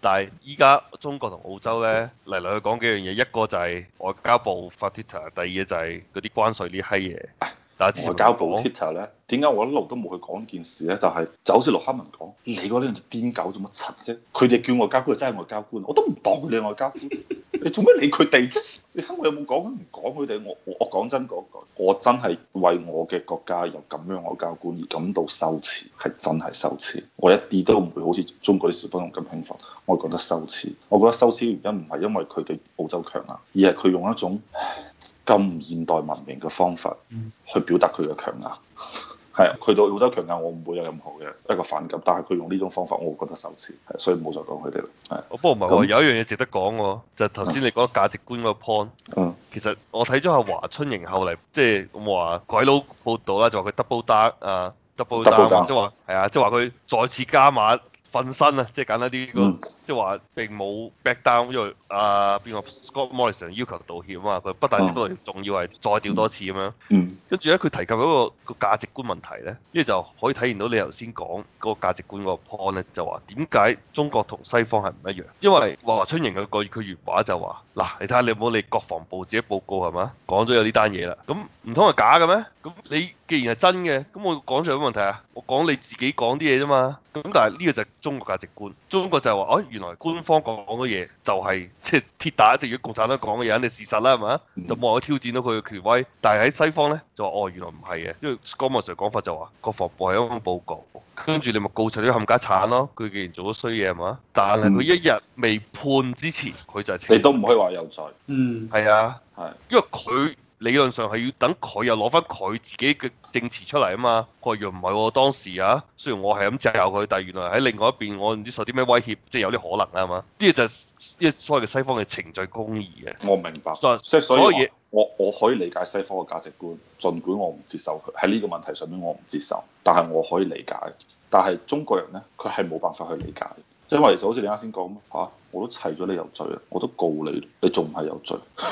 但係依家中國同澳洲咧嚟嚟去講幾樣嘢，一個就係外交部發 Twitter，第二嘢就係嗰啲關稅呢啲閪嘢。但係外交部 Twitter 咧，點解我一路都冇去講件事咧？就係、是、就好似陸克文講，你嗰啲人就癲狗做乜柒啫？佢哋叫外交官就真係外交官，我都唔當佢哋外交官。 你做咩理佢哋啫？你睇我有冇講唔講佢哋？我我講真句，我真係為我嘅國家有咁樣外交官而感到羞恥，係真係羞恥。我一啲都唔會好似中國啲小朋友咁興奮，我覺得羞恥。我覺得羞恥原因唔係因為佢哋澳洲強硬，而係佢用一種咁現代文明嘅方法去表達佢嘅強硬。係，佢對澳洲強硬，我唔會有任何嘅一個反感，但係佢用呢種方法，我覺得羞恥，係，所以冇再講佢哋啦。係。不不哦，不過唔係喎，有一樣嘢值得講喎、哦，就係頭先你講價值觀嗰個 point、嗯。其實我睇咗下華春瑩後嚟，即係話鬼佬報道啦，就話、是、佢、uh, double down 啊，double down 即係話係啊，即係話佢再次加碼。分身啊，即係簡單啲、個，mm. 即係話並冇 back down，因為啊，邊、uh, 個 Scott Morrison 要求，求道歉啊嘛，佢不但止仲要係再調多次咁樣，跟住咧佢提及嗰個個價值觀問題咧，跟住就可以體現到你頭先講個價值觀個 point 咧，就話點解中國同西方係唔一樣？因為華華春瑩嘅、個佢原話就話嗱，你睇下你有冇你國防部自己報告係嘛，講咗有呢單嘢啦，咁唔通係假嘅咩？咁你既然係真嘅，咁我講出有乜問題啊？我講你自己講啲嘢啫嘛。咁但係呢個就係中國價值觀，中國就係話，哎、哦，原來官方講嘅嘢就係、係、即係鐵打一隻，如果共產黨講嘅嘢肯定事實啦，係嘛？就冇人去挑戰到佢嘅權威。但係喺西方咧就話，哦，原來唔係嘅，因為江務上講法就話、係，國防部係一份報告，跟住你咪告陳宇冚家鏟咯。佢既然做咗衰嘢，係嘛？但係佢一日未判之前，佢就係你都唔可以話有罪。嗯，係啊，係的，因為佢。理論上係要等佢又攞翻佢自己嘅證詞出嚟啊嘛，佢又唔係喎，當時啊，雖然我係咁藉由佢，但原來喺另外一邊，我唔知受啲咩威脅，即係有啲可能啦嘛。呢個就係一所謂嘅西方嘅程序公義嘅。我明白。所以，所以所以我我，我可以理解西方嘅價值觀，儘管我唔接受佢喺呢個問題上面我唔接受，但係我可以理解。但係中國人咧，佢係冇辦法去理解，即因為就好似你啱先講咁，我都砌咗你有罪啦，我都告你，你仲唔係有罪？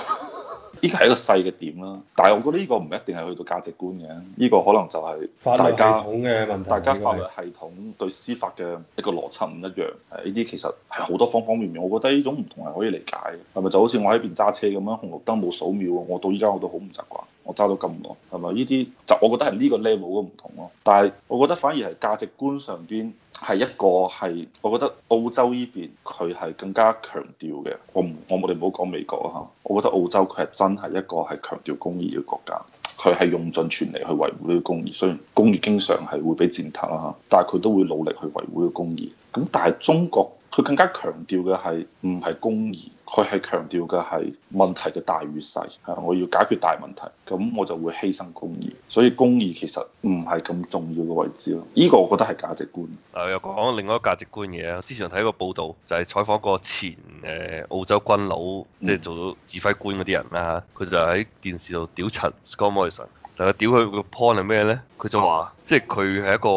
呢個係一個細嘅點啦，但係我覺得呢個唔一定係去到價值觀嘅，呢、呢個可能就係法律嘅問題，大家法律系統對司法嘅一個邏輯唔一樣，呢啲其實係好多方方面面，我覺得呢種唔同係可以理解嘅，係咪就好似我喺邊揸車咁樣，紅綠燈冇數秒，我到依家我都好唔習慣，我揸到咁耐，係咪呢啲就我覺得係呢個 level 嘅唔同咯？但係我覺得反而係價值觀上邊。係一個係，我覺得澳洲呢邊佢係更加強調嘅。我唔我哋唔好講美國啊嚇，我覺得澳洲佢係真係一個係強調公義嘅國家，佢係用盡全力去維護呢個公義。雖然公義經常係會俾踐踏啦嚇，但係佢都會努力去維護呢個公義。咁但係中國。佢更加強調嘅係唔係公義，佢係強調嘅係問題嘅大與細。係我要解決大問題，咁我就會犧牲公義。所以公義其實唔係咁重要嘅位置咯。依、這個我覺得係價值觀。啊，又講另外一個價值觀嘅嘢。之前睇個報道，就係、是、採訪過前誒澳洲軍佬，即、就、係、是、做到指揮官嗰啲人啦。佢、嗯、就喺電視度屌陳 Scott Morrison，Morrison，但係屌佢個 point 係咩咧？佢就話，即係佢係一個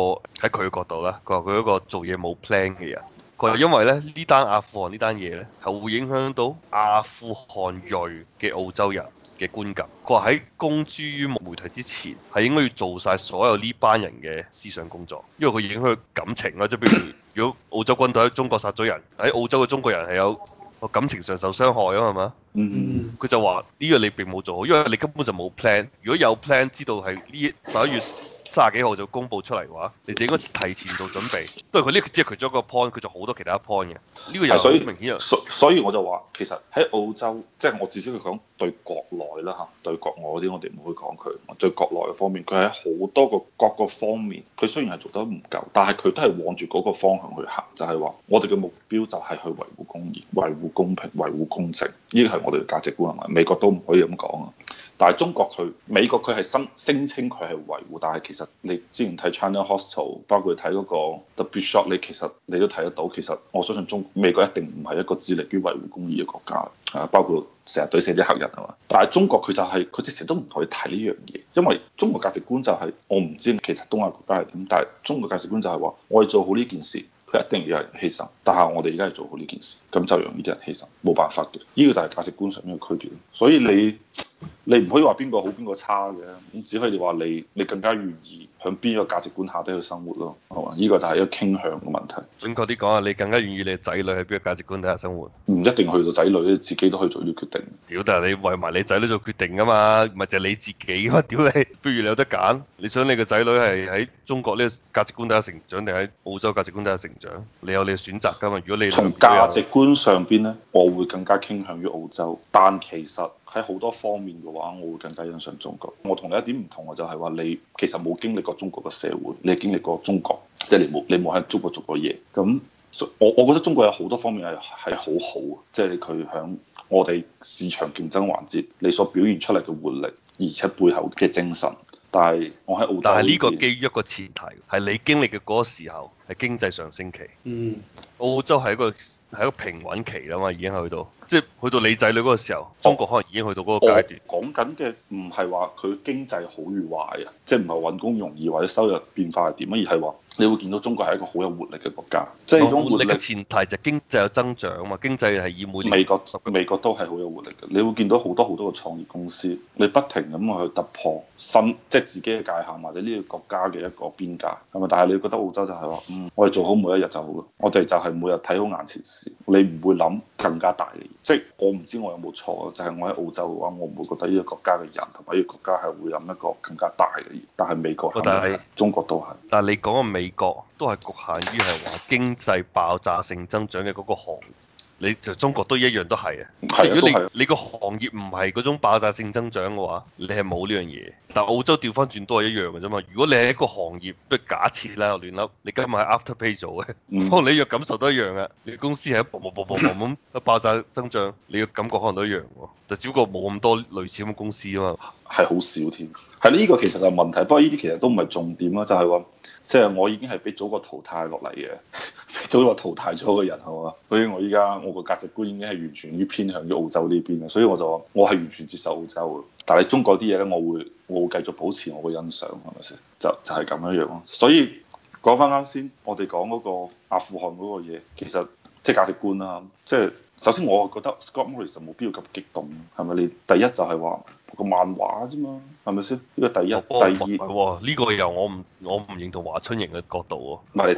喺佢嘅角度啦。佢話佢一個做嘢冇 plan 嘅人。佢話因為咧呢單阿富汗呢單嘢咧，係會影響到阿富汗裔嘅澳洲人嘅觀感。佢話喺公諸於媒體之前，係應該要做晒所有呢班人嘅思想工作，因為佢影響感情啊，即係譬如，如果澳洲軍隊喺中國殺咗人，喺澳洲嘅中國人係有個感情上受傷害啊係嘛。嗯。佢就話呢個你並冇做好，因為你根本就冇 plan。如果有 plan，知道係呢十一月。卅幾號就公佈出嚟嘅話，你自己應該提前做準備。都係佢呢，即係佢咗一個 point，佢就好多其他 point 嘅。呢、這個又所以明顯又，所以我就話其實喺澳洲，即、就、係、是、我至少係講對國內啦嚇，對國外嗰啲我哋唔會講佢。對國內嘅方面，佢喺好多個各個方面，佢雖然係做得唔夠，但係佢都係往住嗰個方向去行，就係、是、話我哋嘅目標就係去維護公義、維護公平、維護公正，呢個係我哋嘅價值觀係咪？美國都唔可以咁講啊。但係中國佢美國佢係申聲稱佢係維護，但係其實你之前睇 China Hostel，包括睇嗰個特別 show，你其實你都睇得到。其實我相信中國美國一定唔係一個致力於維護公義嘅國家，啊，包括成日對射啲黑人啊嘛。但係中國佢就係佢直情都唔可以睇呢樣嘢，因為中國價值觀就係，我唔知其他東亞國家係點，但係中國價值觀就係，話我哋做好呢件事，佢一定要有人犧牲，但係我哋而家係做好呢件事，咁就讓呢啲人犧牲，冇辦法嘅。呢個就係價值觀上面嘅區別，所以你。你唔可以話邊個好邊個差嘅，咁只可以你話你你更加願意向邊一個價值觀下底去生活咯，係、哦、嘛？呢個就係一個傾向嘅問題。準確啲講下，你更加願意你嘅仔女喺邊個價值觀底下生活？唔一定去到仔女，你自己都可以做呢個決定。屌，但係你為埋你仔女做決定㗎嘛，咪就係你自己啊嘛？屌你，不如你有得揀，你想你個仔女係喺中國呢個價值觀底下成長，定喺澳洲價值觀底下成長？你有你嘅選擇㗎嘛？如果你從價值觀上邊咧，我會更加傾向於澳洲，但其實。喺好多方面嘅話，我會更加欣賞中國。我同你一點唔同啊，就係話你其實冇經歷過中國嘅社會，你係經歷過中國，即係你冇你冇喺中國做過嘢。咁我我覺得中國有好多方面係係好好，即係佢響我哋市場競爭環節，你所表現出嚟嘅活力，而且背後嘅精神。但係我喺澳洲，但係呢個基於一個前提，係你經歷嘅嗰個時候係經濟上升期。嗯，澳洲係一個係一個平穩期吖嘛，已經去到，即係去到你仔女嗰個時候，哦、中國可能已經去到嗰個階段。哦、講緊嘅唔係話佢經濟好與壞啊，即係唔係揾工容易或者收入變化係點啊，而係話。你會見到中國係一個好有活力嘅國家，即係種活力嘅前提就係經濟有增長啊嘛，經濟係以每美國美國都係好有活力嘅，你會見到好多好多嘅創業公司，你不停咁去突破新即係、就是、自己嘅界限或者呢個國家嘅一個邊界，係咪？但係你覺得澳洲就係話，嗯，我哋做好每一日就好嘞，我哋就係每日睇好眼前事，你唔會諗更加大嘅嘢，即係我唔知我有冇錯，就係我喺澳洲嘅話，我唔會覺得呢個國家嘅人同埋呢個國家係會諗一個更加大嘅嘢。但係美國係，但係中國都係。但係你講個美。國都係局限於係話經濟爆炸性增長嘅嗰個行。你就中國都一樣都係啊！的如果你是你個行業唔係嗰種爆炸性增長嘅話，你係冇呢樣嘢。但澳洲調翻轉都係一樣嘅啫嘛。如果你係一個行業，都假設啦，我亂諗，你今日喺 Afterpay 做嘅，不過、嗯、你若感受都一樣啊。你公司係喺暴暴暴暴咁爆炸增長， 你嘅感覺可能都一樣喎。就只不過冇咁多類似咁嘅公司啊嘛，係好少添。係呢、呢個其實係問題。不過呢啲其實都唔係重點咯，就係即係我已經係俾祖國淘汰落嚟嘅。 都話淘汰咗個人係嘛，所以我依家我個價值觀已經係完全於偏向於澳洲呢邊啦，所以我就話我係完全接受澳洲嘅，但係中國啲嘢咧，我會我會繼續保持我嘅欣賞係咪先？就就係、是、咁樣樣咯。所以講翻啱先，我哋講嗰個阿富汗嗰個嘢，其實即係、就是、價值觀啦、啊，即、就、係、是。首先我覺得 Scott Morrison 冇必要咁激動，係咪？你第一就係話、個漫畫啫嘛，係咪先？呢個第一，不第二，呢、呢個又我唔我唔認同華春瑩嘅角度喎。唔係，你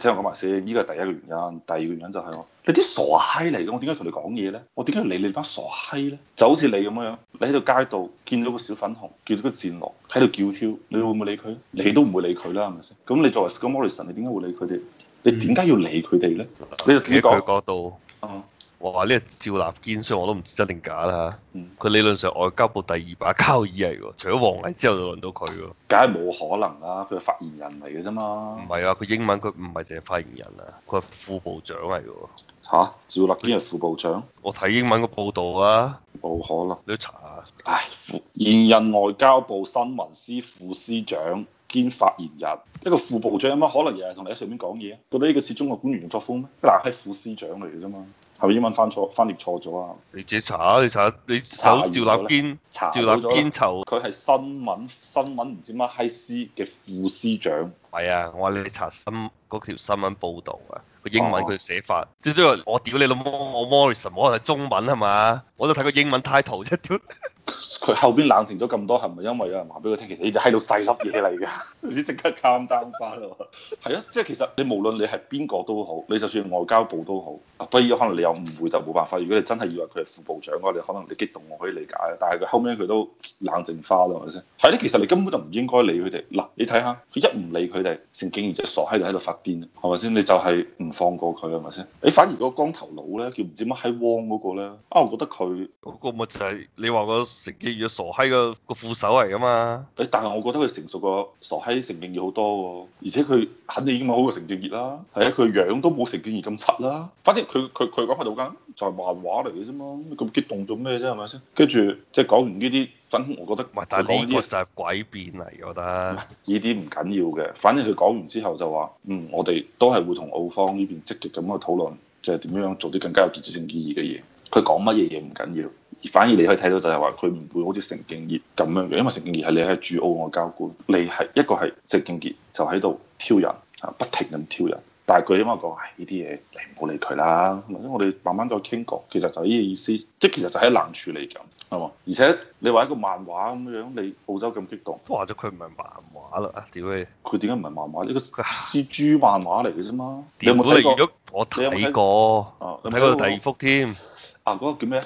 聽我講埋先，呢個係第一個原因。第二個原因就係、係、我你啲傻閪嚟嘅，我點解同你講嘢咧？我點解要理你班傻閪咧？就好似你咁樣，你喺度街度見到個小粉紅，見到個戰狼喺度叫囂，你會唔會理佢？你都唔會理佢啦，係咪先？咁你作為 Scott Morrison，你點解會理佢哋？你點解要理佢哋咧？你又自己度。哦，我話呢個趙立堅，所以我都唔知真定假啦佢，嗯、理論上外交部第二把交椅嚟嘅，除咗王毅之後就輪到佢嘅。梗係冇可能啦，啊，佢係發言人嚟嘅啫嘛。唔係啊，佢，啊、英文佢唔係淨係發言人啊，佢係副部長嚟嘅。吓，啊？趙立堅係副部長？我睇英文個報道啊，冇可能，你去查下。唉，現任外交部新聞司副司長。兼發言人，一個副部長咁啊，可能又係同你喺上面講嘢啊，到底呢個是中國官員嘅作風咩？嗱，係副司長嚟嘅啫嘛，係咪英文翻錯翻譯錯咗啊？你自己查下，你查下，你搜趙立堅，查趙立堅臭，佢係新聞新聞唔知乜閪司嘅副司長，係啊，我話你查新嗰條新聞報導啊，個英文佢寫法，即係即係我屌你老母，我 Morrison 我係中文係嘛，我就睇個英文 title 啫。佢後邊冷靜咗咁多，係咪因為有人話俾佢聽？其實就 你就喺度細粒嘢嚟㗎，你即刻艱單翻咯。係啊，即係其實你無論你係邊個都好，你就算外交部都好。不然可能你有誤會就冇辦法。如果你真係以為佢係副部長嘅話，你可能你激動我可以理解。但係佢後尾佢都冷靜化咯，係咪先？係咧，其實你根本就唔應該理佢哋。嗱，你睇下佢一唔理佢哋，成竟然就傻喺度，喺度發癲啦，係咪先？你就係唔放過佢係咪先？你反而個光頭佬咧，叫唔知乜閪汪嗰個咧，啊，我覺得佢嗰個乜仔，你話我。成建業傻閪個個副手嚟噶嘛？誒，但係我覺得佢成熟過傻閪成建業好多喎，而且佢肯定已經好過成建業啦。係啊，佢樣都冇成建業咁柒啦。反正佢佢佢講開道間就係漫畫嚟嘅啫嘛，咁激動做咩啫？係咪先？跟住即係講完呢啲，咁我覺得，喂，但係呢個就係詭辯嚟，我覺得。呢啲唔緊要嘅，反正佢講完之後就話：嗯，我哋都係會同澳方呢邊積極咁去討論，就係點樣做啲更加有建設性意義嘅嘢。佢講乜嘢嘢唔緊要。反而你可以睇到就係話佢唔會好似成敬業咁樣嘅，因為成敬業係你喺駐澳外交官，你係一個係成敬業就喺度挑人，啊不停咁挑人，但係佢起碼講話呢啲嘢你唔好理佢啦，或者我哋慢慢再傾過，其實就呢個意思，即係其實就喺冷處理咁，係嘛？而且你話一個漫畫咁樣，你澳洲咁激動，都話咗佢唔係漫畫啦，啊屌佢點解唔係漫畫？呢個 C G 漫畫嚟嘅啫嘛，啊、你有冇睇過？我睇過，睇嗰、啊嗰個過第二幅添。啊！嗰、那個叫咩？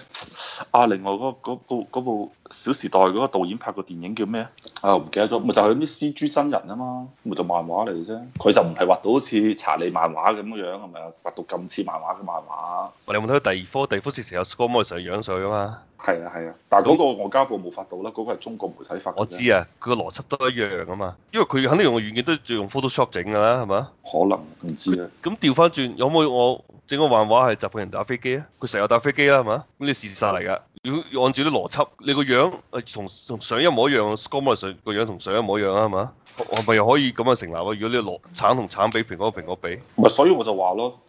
啊！另外嗰、那個部、那個那個、《小時代》嗰個導演拍過電影叫咩？啊！唔記得咗，咪就係啲《CG 真人》啊嘛，咪就漫畫嚟嘅啫。佢就唔係畫到好似查理漫畫咁樣，係咪啊？畫到咁似漫畫嘅漫畫。你有冇睇《第二科 or, 上上去上去》？《第二科》好似有 Skull o 史高摩嘅樣上去啊嘛！係啊係啊，但係嗰個外交部冇發到啦，嗰個係中國媒體發嘅。我知啊，佢個邏輯都一樣啊嘛。因為佢肯定用個軟件都要用 Photoshop 整㗎啦，係嘛？可能唔知啊。咁調翻轉有冇我整個漫畫係習近平打飛機啊？佢成日打飛機啦，係嘛？咁你事實嚟㗎。如果要按照啲邏輯，你個樣誒同同相一模一樣，scale 上個樣同相一模一樣啊，係嘛？我咪又可以咁樣成立啊？如果你攞橙同橙比蘋果蘋果比，咪所以我就話咯。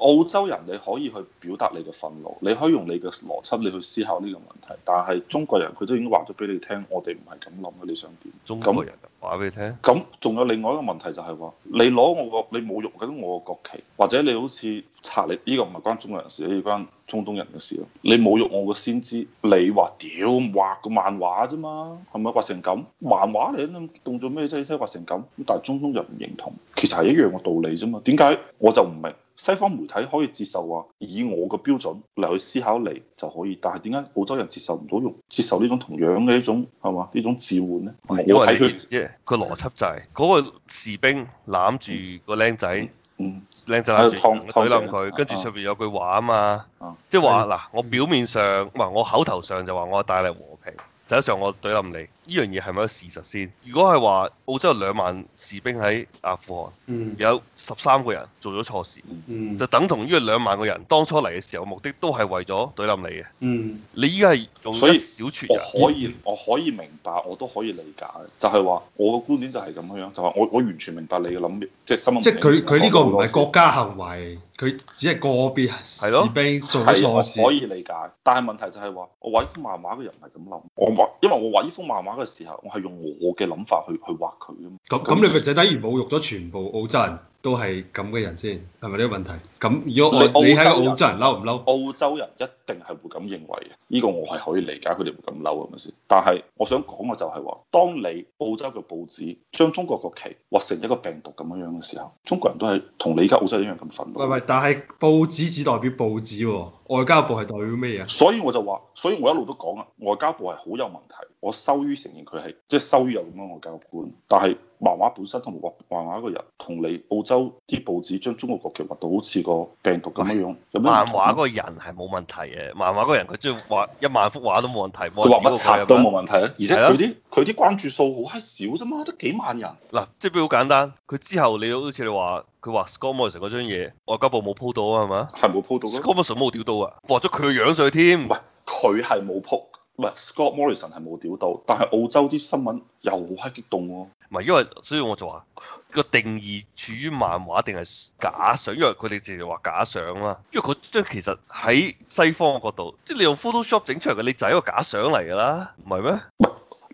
澳洲人你可以去表達你嘅憤怒，你可以用你嘅邏輯，你去思考呢個問題。但係中國人佢都已經話咗俾你聽，我哋唔係咁諗，你想點？中國人話俾你聽。咁仲有另外一個問題就係話，你攞我個你侮辱緊我個國旗，或者你好似查你呢個唔係關中國人事，係關中東人嘅事你侮辱我個先知，你話屌畫個漫畫啫嘛，係咪畫成咁漫畫你咁動作咩啫？你睇畫成咁，但係中東人唔認同。其實係一樣嘅道理啫嘛，點解我就唔明西方媒體可以接受話以我嘅標準嚟去思考你就可以，但係點解澳洲人接受唔到用接受呢種同樣嘅呢種係嘛呢種置換咧？我睇佢即係個邏輯就係、是、嗰、嗰個士兵攬住個靚仔，靚仔喺度我懟冧佢，跟住上邊有句話啊嘛，即係話嗱我表面上唔係我口頭上就話我帶嚟和平，實際上我懟冧你。呢樣嘢係咪一事實先？如果係話澳洲有兩萬士兵喺阿富汗，嗯、有十三個人做咗錯事，嗯、就等同於兩萬個人當初嚟嘅時候目的都係為咗懟冧你嘅。嗯、你依家係用一小撮所以可以我可以明白，我都可以理解，就係、是、話我嘅觀點就係咁樣，就話、是、我我完全明白你嘅諗，就是、即係心。即係佢佢呢個唔係國家行為，佢只係個別士兵做咗錯事。啊、可以理解，但係問題就係話我畫幅漫畫嘅人唔係咁諗。我，一方一方一方我因為我畫幅漫畫。嗰個時候，我係用我嘅諗法去去畫佢噶嘛。咁咁那，你咪就等於侮辱咗全部澳洲人。都係咁嘅人先，係咪呢個問題？咁如果我你喺澳洲人嬲唔嬲？澳洲，澳洲人一定係會咁認為嘅，呢、呢個我係可以理解，佢哋會咁嬲係咪先？但係我想講嘅就係話，當你澳洲嘅報紙將中國國旗畫成一個病毒咁樣樣嘅時候，中國人都係同你而家澳洲人一樣咁憤怒喂，唔但係報紙只代表報紙，外交部係代表咩嘢？所以我就話，所以我一路都講啊，外交部係好有問題，我羞於承認佢係即係羞於有咁樣外交官。但係。漫畫本身同畫漫畫個人，同你澳洲啲報紙將中國國旗畫到好似個病毒咁樣樣。喂漫畫個人係冇問題嘅。漫畫個人佢中意畫一萬幅畫都冇問題，佢畫乜都冇問題。而且佢啲佢啲關注數好閪少啫嘛，得幾萬人。嗱，即係變好簡單。佢之後你好似你話佢畫 ScoMo 嗰張嘢，外交部冇鋪到啊，係嘛？係冇鋪到。ScoMo 冇屌到啊，畫咗佢嘅樣上去添。唔，佢係冇鋪。Scott Morrison 係冇屌到，但係澳洲啲新聞又係激動喎、啊。唔係因為，所以我就話、這個定義處於漫畫定係假想？因為佢哋自己話假想啦。因為佢即係其實喺西方嘅角度，即係你用 Photoshop 整出嚟嘅，你就係一個假想嚟㗎啦，唔係咩？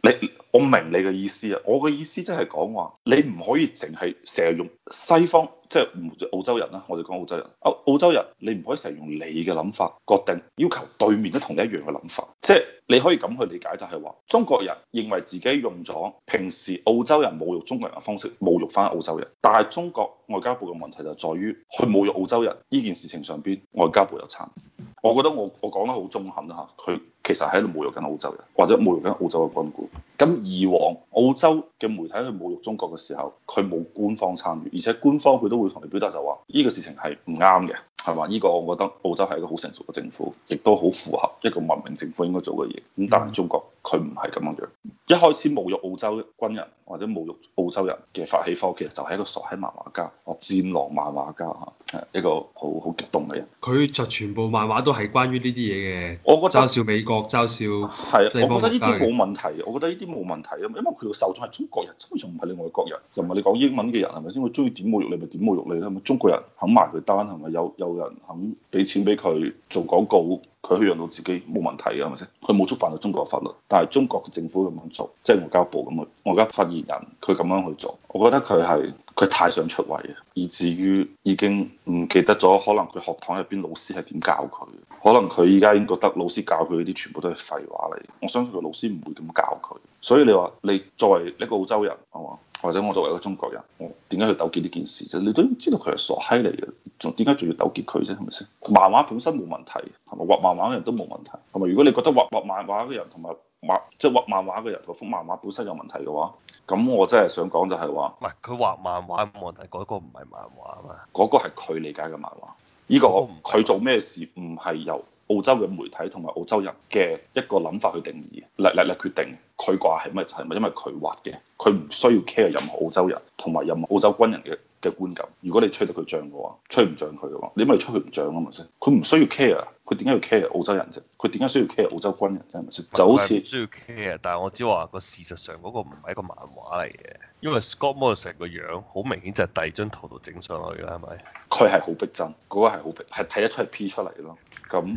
你，我明你嘅意思啊！我嘅意思即係講話，你唔可以淨係成日用西方，即係澳洲人啦，我哋講澳洲人，澳澳洲人，你唔可以成日用你嘅諗法確定要求對面都同你一樣嘅諗法，即係。你可以咁去理解，就係話中國人認為自己用咗平時澳洲人侮辱中國人嘅方式侮辱翻澳洲人，但係中國外交部嘅問題就在於，佢侮辱澳洲人呢件事情上邊，外交部有參與。我覺得我我講得好中肯啦嚇，佢其實喺度侮辱緊澳洲人，或者侮辱緊澳洲嘅軍官。咁以往澳洲嘅媒體去侮辱中國嘅時候，佢冇官方參與，而且官方佢都會同你表達就話呢個事情係唔啱嘅。係嘛？依個我覺得澳洲係一個好成熟嘅政府，亦都好符合一個文明政府應該做嘅嘢。咁但係中國。佢唔係咁樣樣，一開始侮辱澳洲軍人或者侮辱澳洲人嘅發起科，其實就係一個傻閪漫畫家，哦戰狼漫畫家嚇，一個好好激動嘅人。佢就全部漫畫都係關於呢啲嘢嘅，我覺得嘲笑美國、嘲笑西係啊，我覺得呢啲冇問題，我覺得呢啲冇問題啊，因為佢哋嘅受眾係中國人，根本就唔係你外國人，又唔係你講英文嘅人係咪先？佢中意點侮辱你咪點侮辱你咯，係咪？你係咪中國人肯埋佢單？係咪有有人肯俾錢俾佢做廣告？佢養到自己冇問題嘅係咪先？佢冇觸犯到中國法律，但係中國嘅政府咁樣做，即係外交部咁樣，我而家發現人佢咁樣去做，我覺得佢係佢太想出位啊，以至於已經唔記得咗，可能佢學堂入邊老師係點教佢，可能佢依家已經覺得老師教佢嗰啲全部都係廢話嚟。我相信個老師唔會咁教佢，所以你話你作為一個澳洲人，係嘛？或者我作為一個中國人，我點解要糾結呢件事？其實你都知道佢係傻閪嚟嘅，仲點解仲要糾結佢啫？係咪先？漫畫本身冇問題，係咪畫漫畫嘅人都冇問題，係咪？如果你覺得畫漫畫，畫，即係、畫漫畫嘅人同埋畫即係畫漫畫嘅人嗰幅漫畫本身有問題嘅話，咁我真係想講就係話，唔係佢畫漫畫冇問題，嗰個唔係漫畫啊嘛，嗰個係佢理解嘅漫畫，呢、呢個佢做咩事唔係由。澳洲嘅媒體同埋澳洲人嘅一個諗法去定義，嚟嚟嚟決定佢掛係咩？係咪因為佢畫嘅？佢唔需要 care 任何澳洲人同埋任何澳洲軍人嘅嘅觀感。如果你吹到佢漲嘅話，吹唔漲佢嘅話，你咪吹佢唔漲啊？咪先，佢唔需要 care，佢點解要 care 澳洲人啫？佢點解需要 care 澳洲軍人啫？咪先，就好似需要 care，但係我只話個事實上嗰個唔係一個漫畫嚟嘅，因為 Scott Morrison 個樣好明顯就係第二張圖度整上去啦，係咪？佢係好逼真，嗰、嗰個係好係睇得出係 P 出嚟咯，咁。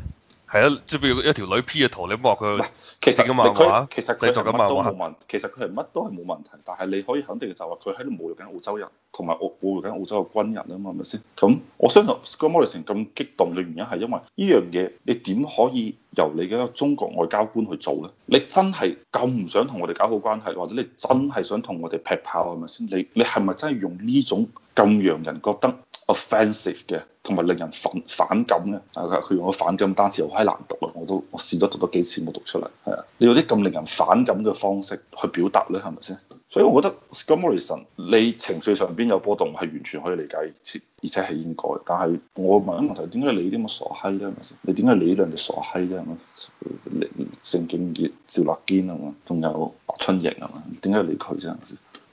係啊，即係譬如一條女 P 嘅圖，你唔佢其實嘅漫畫，其實佢乜都冇問，其實佢係乜都係冇問，問題。但係你可以肯定就話，佢喺度侮辱緊澳洲人，同埋惡侮辱緊澳洲嘅軍人啊嘛，係咪先？咁我相信 Scott Morrison 咁激動嘅原因係因為呢樣嘢，你點可以由你嘅中國外交官去做咧？你真係咁唔想同我哋搞好關係，或者你真係想同我哋劈炮，係咪先？你你係咪真係用呢種咁讓人覺得？Offensive 嘅，同埋令人反反感嘅，佢用個反感單詞又好閪難讀啊！我都我試咗讀多幾次冇讀出嚟，係啊，你用啲咁令人反感嘅方式去表達咧，係咪先？所以我覺得 Scott Morrison 你情緒上邊有波動係完全可以理解，而且係應該。但係我問一個問題，點解你啲咁傻閪咧？係咪先？你點解你兩隻傻閪啫？係嘛？李正景、葉趙立堅係嘛？仲有白春瑩係嘛？點解你理佢啫？係咪？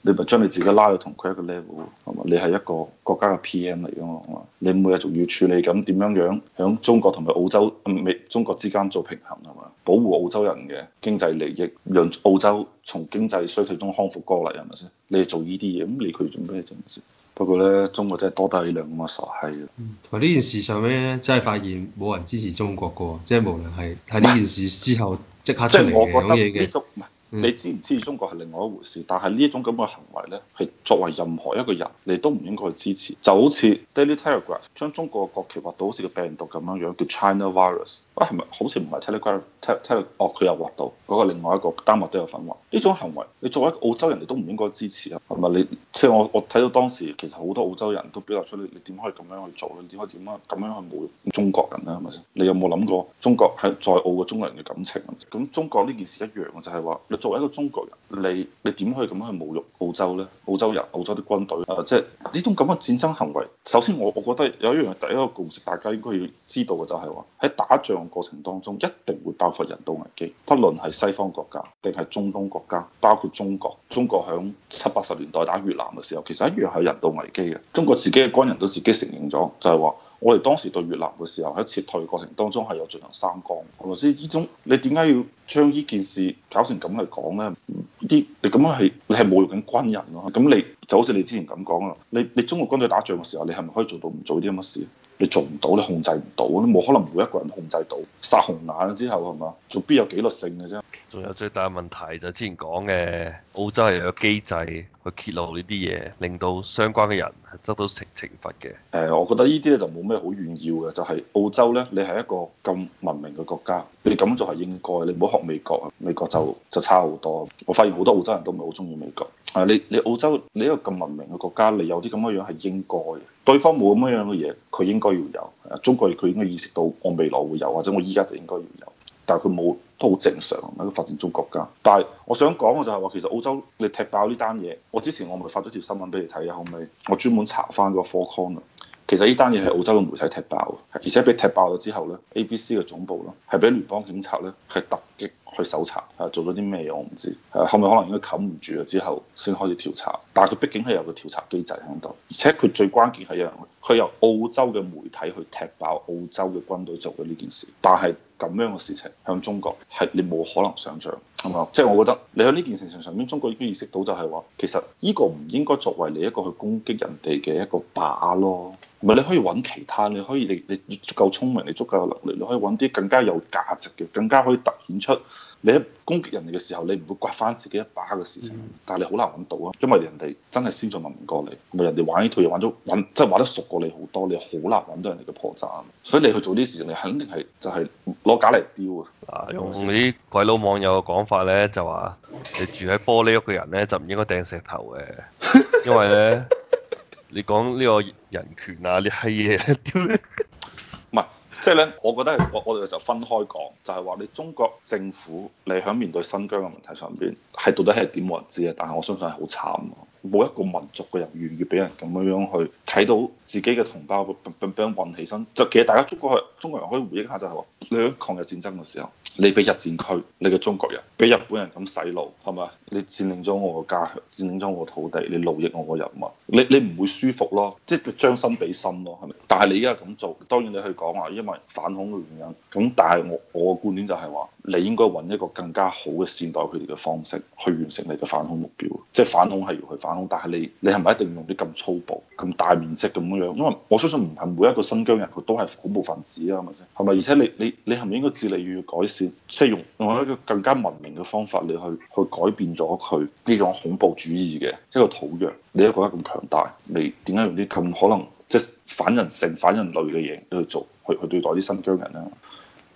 你咪將你自己拉到同佢一個 level，係嘛？你係一個國家嘅 PM 嚟嘅嘛，你每日仲要處理緊點樣樣，喺中國同埋澳洲、美、嗯、中國之間做平衡係嘛？保護澳洲人嘅經濟利益，讓澳洲從經濟衰退中康復過嚟，係咪先？你做你呢啲嘢，咁你佢做咩啫？先不過咧，中國真係多得呢兩咁嘅傻閪啊！同呢、嗯、件事上面咧，真係發現冇人支持中國嘅，即係無論係喺呢件事之後即刻出嚟講嘢嘅。你支唔支持中國係另外一回事，但係呢一種咁嘅行為呢，係作為任何一個人，你都唔應該去支持。就好似《Daily Telegraph》將中國嘅國旗畫到好似個病毒咁樣樣，叫 China Virus。啊，係咪好似唔係 Charlie Gray？Charlie 哦，佢又畫到嗰、那個另外一個丹麥都有份畫。呢種行為，你作為一個澳洲人，你都唔應該支持啊。係咪你？即、就、係、是、我我睇到當時其實好多澳洲人都表達出你你點可以咁樣去做？你點可以點啊？咁樣去侮辱中國人咧？係咪先？你有冇諗過中國係在澳嘅中國人嘅感情？咁中國呢件事一樣嘅，就係、是、話你作為一個中國人，你你點可以咁樣去侮辱澳洲咧？澳洲人、澳洲啲軍隊啊，即係呢種咁嘅戰爭行為。首先我我覺得有一樣第一個共識，大家應該要知道嘅就係話喺打仗。過程當中一定會爆發人道危機，不論係西方國家定係中東國家，包括中國。中國響七八十年代打越南嘅時候，其實一樣係人道危機嘅。中國自己嘅軍人都自己承認咗，就係、是、話我哋當時對越南嘅時候喺撤退過程當中係有進行三光。我話知呢種你點解要將呢件事搞成咁嚟講？呢啲你咁樣係你係侮辱緊軍人咯、啊。咁你就好似你之前咁講啦，你你中國軍隊打仗嘅時候，你係咪可以做到唔做啲咁嘅事？你做唔到，你控制唔到，你冇可能每一個人控制到。殺紅眼之後係嘛，仲必有紀律性嘅啫。仲有最大問題就之前講嘅，澳洲係有一個機制去揭露呢啲嘢，令到相關嘅人係得到懲懲罰嘅。誒、呃，我覺得呢啲咧就冇咩好炫耀嘅，就係、是、澳洲咧，你係一個咁文明嘅國家，你咁做係應該，你唔好學美國啊，美國就就差好多。我發現好多澳洲人都唔係好中意美國。啊，你你澳洲你一個咁文明嘅國家，你有啲咁嘅樣係應該嘅。對方冇咁樣樣嘅嘢，佢應該要有。中國佢應該意識到，我未來會有，或者我依家就應該要有。但係佢冇都好正常，喺個發展中國家。但係我想講嘅就係話，其實澳洲你踢爆呢單嘢，我之前我咪發咗條新聞俾你睇啊，後尾我專門查翻嗰個 four corner。其實呢單嘢係澳洲嘅媒體踢爆，而且俾踢爆咗之後呢 ABC 嘅總部咯，係俾聯邦警察呢係突擊去搜查，係做咗啲咩嘢我唔知，係後尾可能應該冚唔住咗之後先開始調查，但係佢畢竟係有個調查機制喺度，而且佢最關鍵係一樣，佢由澳洲嘅媒體去踢爆澳洲嘅軍隊做嘅呢件事，但係咁樣嘅事情向中國係你冇可能想象，係嘛？即係我覺得你喺呢件事情上，上面中國已經意識到就係話，其實呢個唔應該作為你一個去攻擊人哋嘅一個把咯。唔係你可以揾其他，你可以你你足夠聰明，你足夠有能力，你可以揾啲更加有價值嘅，更加可以突顯出你喺攻擊人哋嘅時候，你唔會刮翻自己一把嘅事情。嗯、但係你好難揾到啊，因為人哋真係先進文明過你，咪人哋玩呢套嘢玩咗，即係玩得熟過你好多，你好難揾到人哋嘅破綻。所以你去做啲事情，你肯定係就係攞架嚟丟啊！就係、用啲鬼佬網友嘅講法咧，就話你住喺玻璃屋嘅人咧，就唔應該掟石頭嘅，因為咧。 你講呢個人權啊，呢啲閪嘢，唔 係，即係咧，我覺得我我哋就分開講，就係話你中國政府，你喺面對新疆嘅問題上邊，係到底係點，冇人知嘅，但係我相信係好慘。冇一個民族嘅人願意俾人咁樣去睇到自己嘅同胞被被被運起身，就其實大家中國人，中國人可以回憶下就係話，你喺抗日戰爭嘅時候，你俾日佔區，你嘅中國人俾日本人咁洗腦，係咪？你佔領咗我嘅家鄉，佔領咗我嘅土地，你奴役我嘅人民，你你唔會舒服咯，即係將心比心咯，係咪？但係你而家咁做，當然你去講話因為反恐嘅原因，咁但係我我嘅觀點就係話。你應該揾一個更加好嘅善待佢哋嘅方式，去完成你嘅反恐目標。即係反恐係要去反恐，但係你你係咪一定要用啲咁粗暴、咁大面積咁樣？因為我相信唔係每一個新疆人佢都係恐怖分子啊，係咪先？係咪？而且你你你係咪應該致力於改善，即係用用一個更加文明嘅方法，你去去改變咗佢呢種恐怖主義嘅一個土壤？你都覺得咁強大，你點解用啲咁可能即係反人性、反人類嘅嘢去做，去去對待啲新疆人呢？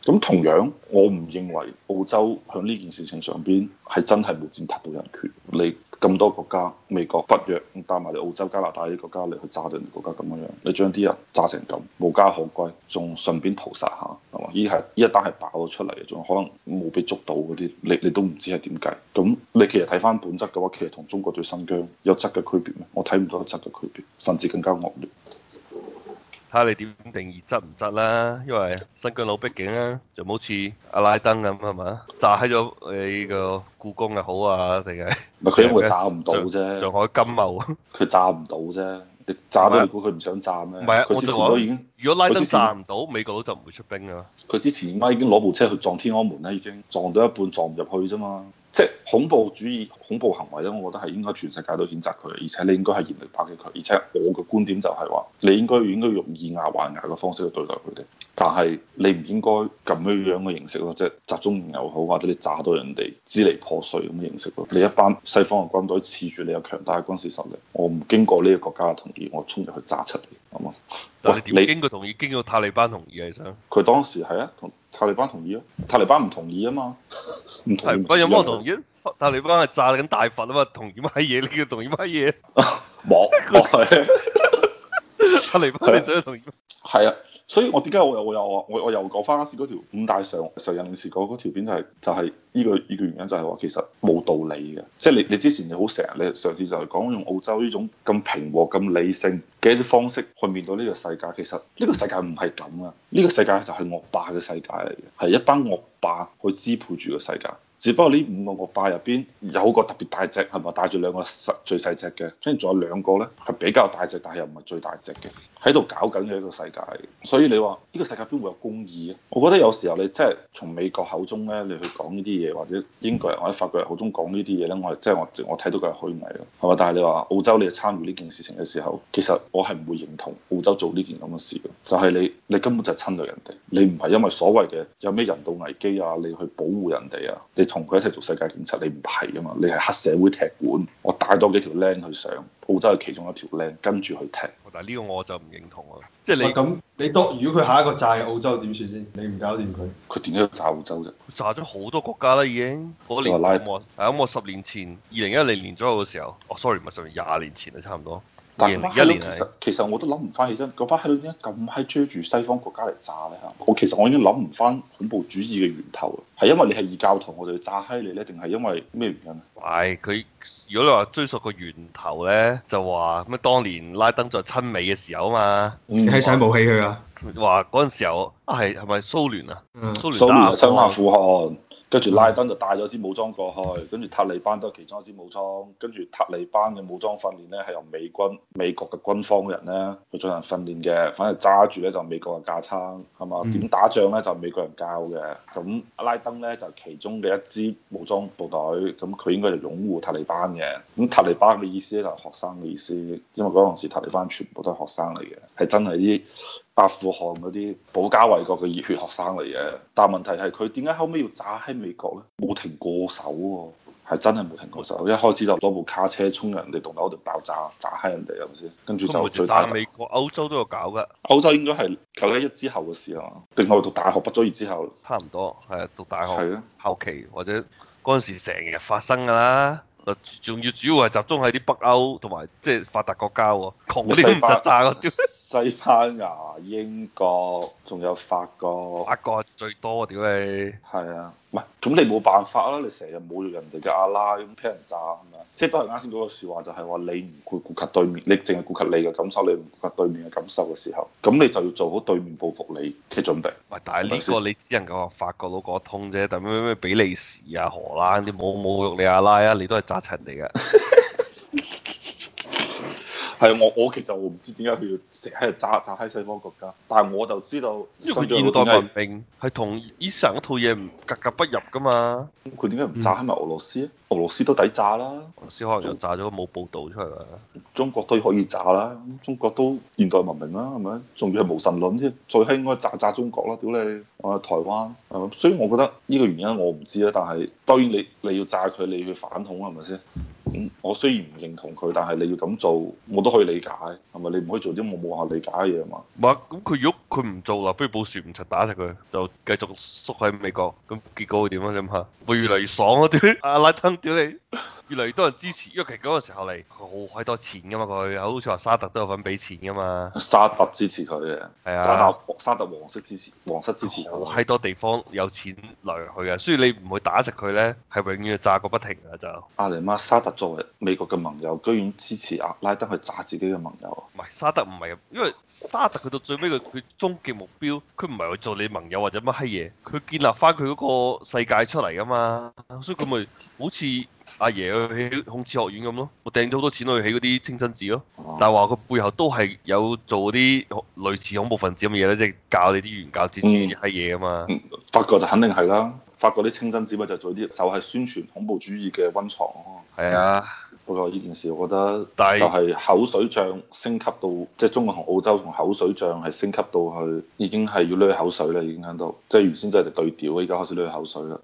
咁同樣，我唔認為澳洲響呢件事情上邊係真係冇踐踏到人權。你咁多國家，美國北約、法國，帶埋你澳洲、加拿大啲國家你去炸人哋國家咁樣樣，你將啲人炸成咁，無家可歸，仲順便屠殺下，係嘛？呢係呢一單係爆咗出嚟，仲可能冇被捉到嗰啲，你你都唔知係點計。咁你其實睇翻本質嘅話，其實同中國對新疆有質嘅區別咩？我睇唔到有質嘅區別，甚至更加惡劣。睇下你點定義執唔執啦，因為新疆佬畢竟啊，就好似阿拉登咁係咪？炸喺咗你個故宮又好啊定係？唔係佢因為炸唔到啫，上海金茂佢炸唔到啫，炸你炸都如果佢唔想炸咧，唔係我之前都已經，如果拉登炸唔到，美國佬就唔會出兵㗎。佢之前應該已經攞部車去撞天安門啦，已經撞到一半撞唔入去啫嘛。即係恐怖主義、恐怖行為咧，我覺得係應該全世界都譴責佢，而且你應該係嚴厲打擊佢。而且我嘅觀點就係話，你應該應該用以牙還牙嘅方式去對待佢哋。但係你唔應該咁樣樣嘅形式咯，即係集中營又好，或者你炸到人哋支離破碎咁嘅形式咯。你一班西方嘅軍隊恃住你有強大嘅軍事實力，我唔經過呢個國家嘅同意，我衝入去炸出嚟。我哋但係點經佢同意？喂經過塔利班同意啊！想佢當時係啊，同塔利班同意啊，塔利班唔同意啊嘛，唔同意。有唔同意。塔利班係、 哎、炸緊大佛啊嘛，同意乜嘢？你要同意乜嘢？冇，過去！塔利班你想同意？ 係啊，所以我點解我又我有我我又講翻嗰時嗰條五大常常人嘅講嗰條片，就係就係呢個呢個原因，就係話其實冇道理嘅，即係你你之前你好成日你上次就係講用澳洲呢種咁平和咁理性嘅一啲方式去面對呢個世界，其實呢個世界唔係咁啊，呢個世界就係惡霸嘅世界嚟嘅，係一班惡霸去支配住個世界。只不過呢五個惡霸入邊有個特別大隻係咪？帶住兩個細最細隻嘅，跟住仲有兩個呢，係比較大隻，但係又唔係最大隻嘅，喺度搞緊嘅一個世界。所以你話呢個世界邊會有公義啊？我覺得有時候你即係、就是、從美國口中呢，你去講呢啲嘢，或者英國人或者法國人口中講呢啲嘢呢，我係即係我我睇到佢係虛偽咯，係嘛？但係你話澳洲你係參與呢件事情嘅時候，其實我係唔會認同澳洲做呢件咁嘅事嘅，就係、是、你你根本就係侵略人哋，你唔係因為所謂嘅有咩人道危機啊，你去保護人哋啊，同佢一齊做世界警察，你唔係㗎嘛，你係黑社會踢館。我帶多幾條靚去上澳洲係其中一條靚，跟住去踢。但係呢個我就唔認同啊，即係你咁、哦、你多。如果佢下一個炸澳洲點算先？你唔搞掂佢，佢點樣炸澳洲啫？佢炸咗好多國家啦，已經、嗰、年。我十、啊嗯、年前，二零一零年左右嘅時候，我、哦、sorry，唔係十年，廿年前啊，差唔多。但嗰班閪佬其實你其實我都諗唔翻起身，嗰班閪佬點解咁閪追住西方國家嚟炸咧嚇？我其實我已經諗唔翻恐怖主義嘅源頭啦，係因為你係異教徒，我哋就炸閪你咧？定係因為咩原因啊？係佢如果你話追溯個源頭咧，就話咩？當年拉登在親美嘅時候啊嘛，唔係使武器去啊？話嗰陣時候係係咪蘇聯啊？嗯、蘇聯打阿富汗。跟住拉登就帶咗支武裝過去，跟住塔利班都係其中一支武裝，跟住塔利班嘅武裝訓練咧係由美軍、美國嘅軍方人咧去進行訓練嘅，反正揸住咧就美國嘅架撐，係嘛？點、嗯、打仗咧就是、美國人教嘅，咁阿拉登咧就其中嘅一支武裝部隊，咁佢應該係擁護塔利班嘅，咁塔利班嘅意思咧就係學生嘅意思，因為嗰陣時塔利班全部都係學生嚟嘅，係真係啲。阿富汗嗰啲保家衛國嘅熱血學生嚟嘅，但係問題係佢點解後尾要炸喺美國咧？冇停過手喎，啊，係真係冇停過手，啊，一開始就攞部卡車衝人哋棟樓度爆炸，炸喺人哋係咪先？跟住就炸美國、歐洲都有搞噶，歐洲應該係九一一之後嘅事啊嘛，定係讀大學畢咗業之後？差唔多，係讀大學的後期或者嗰陣時成日發生噶啦，仲要主要係集中喺啲北歐同埋即係發達國家，窮啲咁就炸 西班牙、英國，仲有法國，法國最多，屌你！係啊，唔係咁你冇辦法啦，你成日侮辱人哋嘅阿拉咁聽人炸咁樣，即係都係啱先嗰個説話，就係、是、話就你唔顧顧及對面，你淨係顧及你嘅感受，你唔顧及對面嘅感受嘅時候，咁你就要做好對面報復你嘅準備。唔但係呢個你只能夠話法國佬講通啫，但咩咩咩比利時啊、荷蘭，你冇冇辱你阿拉啊，你都係渣塵嚟嘅。 係我我其實我唔知點解佢要成日炸炸喺西方國家，但係我就知道，因為佢現代文明係同伊斯蘭嗰套嘢唔格格不入噶嘛。佢點解唔炸喺埋俄羅斯啊？俄羅斯都抵炸啦，俄羅斯可能又炸咗都冇報導出嚟啦。中國都可以炸啦，咁中國都現代文明啦，係咪？仲要係無神論添，最興應該炸炸中國啦，屌你我啊台灣，係嘛？所以我覺得呢個原因我唔知啊，但係當然你你要炸佢，你要去反恐係咪先？是。我雖然唔認同佢，但係你要咁做，我都可以理解，係咪？你唔可以做啲冇冇下理解嘅嘢嘛？唔係。咁佢喐。佢唔做啦，不如布殊唔曾打死佢，就繼續縮喺美國。咁結果會點啊？諗下會越嚟越爽 啊！啲阿拉登屌你， 越嚟越多人支持，因為其實嗰個時候嚟，佢好閪多錢噶嘛，佢好似話沙特都有份俾錢噶嘛。沙特支持佢嘅，係啊，沙特黃，沙特皇室支持，皇室支持有閪多地方有錢來去嘅，所以你唔會打死佢咧，係永遠炸個不停嘅就。阿聯酋、沙特作為美國嘅盟友，居然支持阿、啊、拉登去炸自己嘅盟友。唔係、啊、沙特唔係，因為沙特去到最尾佢佢。終極目標，佢唔係去做你盟友或者乜閪嘢，佢建立翻佢嗰個世界出嚟啊嘛，所以佢咪好似阿爺去起孔子學院咁咯，我掟咗好多錢去起嗰啲清真寺咯，但係話佢背後都係有做啲類似恐怖分子咁嘅嘢咧，即、就、係、是、教你啲原教旨主義閪嘢啊嘛、嗯嗯。法國就肯定係啦，法國啲清真寺咪就做啲就係宣傳恐怖主義嘅溫床咯。係啊。呢件事我覺得就係口水仗升級到，即係中國同澳洲同口水仗係升級到去，已經係要濺口水啦，已經喺度，即係原先真係對調，而家開始濺口水啦。